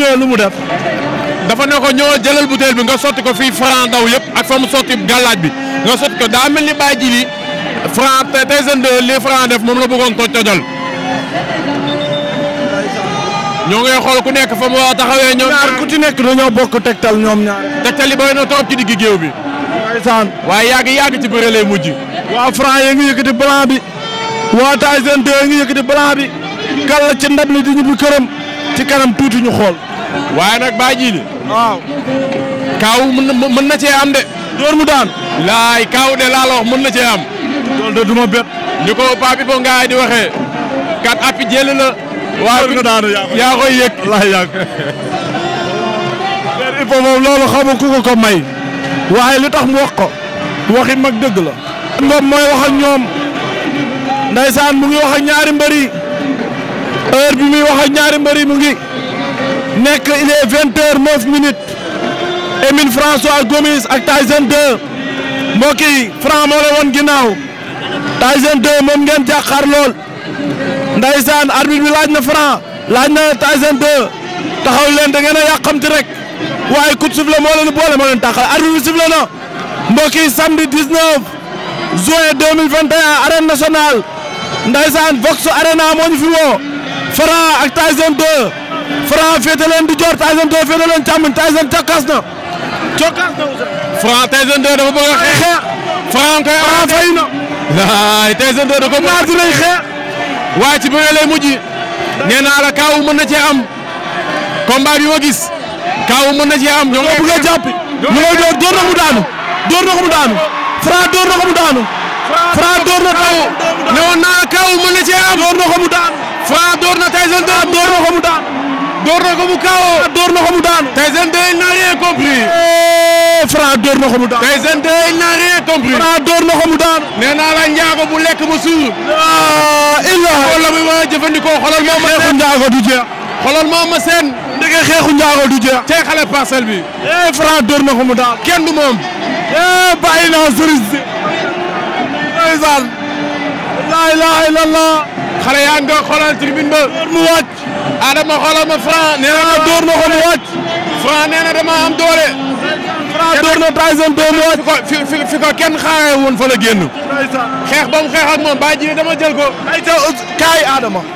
ñëwee lu mu def dafa ne ko ñoo jëlal butéel bi nga sotti ko fii Franc daw yëpp ak fa mu sotti gàllaaj bi nga sotti ko daa mel ni bàyyi ji li Franc Tyson 2 li Franc def moom la bëggoon toj tojal ñoo ngay xool ku nekk fa mu taxawee ñoom ñaar ku ci nekk dañoo bokk tegtal ñoom ñaar tegtal yi bëri na trop ci digg géew bi waaye yàgg yàgg ci bëre mujj waa Franc yee ngi yëkkati blanc bi waa Tyson 2 ngi yëkkati blanc bi kàlla ci ndab li di ñibbi këram ci kanam tuuti ñu xool waaye nag baa jiili. kaaw mën na cee am de. door mu daan. laay kaaw de laa mën na cee am. loolu de du ma bett. ni ko Pape Ibo Ngaye di waxee. kat api jël la. waaw bi daanu yaa koy yëg wallaay yaa koy yëg. loolu xamu ku ko ko may. waaye li tax mu wax ko. waxi mag dëgg la. moom mooy wax ak ñoom. ndaysaan mu ngi wax ñaari mbëri heure bi muy wax ak ñaari mbëri mu ngi. nekk il est vingt heures neuf minutes Emile François Gomis ak Tyson 2 mbokk yi Franc moo la woon ginnaaw moom ngeen jàkkaar lool ndaysaan arbitre bi laaj na Franc laaj na Tyson 2 taxaw leen da ngeen a yàqamti rek waaye coup de sifflet moo leen boole moo leen taxal arbitre bi sifflet na mbokk yi samedi 19 juin 2021 arène Vox Arena moo fi woo Franc ak Tyson 2 Franc féete leen di joor Tyson 2 féete leen càmmoñ Tyson cokkaas na cokkaas na Franc Tyson 2 dafa bëgg a xeex Franc koy Franc fay da ko ñaar ma gis kaaw mën na cee am ñoo bëgg a jàppi ñu lay door door na mu daanu door na ko mu ko mu daanu Franc door na kaw ko mu daanu door na ko mu kaawoo. door na ko mu daanu. Tyson 2 il n'a rien compris. Eh, Franc ko mu daanu. Tyson 2 il n'a rien compris. ko mu daanu. la njaago bu lekk ba suur. Ah, illa wala muy wax jëfandikoo xolal moo ma xeexu njaago du jeex. xolal moo ma njaago du jeex. tey xale parcelle bi. Eh, Franc door na ko mu daanu. kenn du moom. Eh, naa sëriñ si. ndeysaan. la ilaha illallah. xale yaa ngi koy xoolal tribune ba. door mu wàcc. Adama xoolal ma Franc nee na door na ko mu wàcc. Franc nee na dama am doole. Franc door na Tyson door mu wàcc. fi ko fi ko kenn xaaree woon fa la génn. xeex ba mu xeex ak moom baa ji dama jël ko. ayca kaay Adama.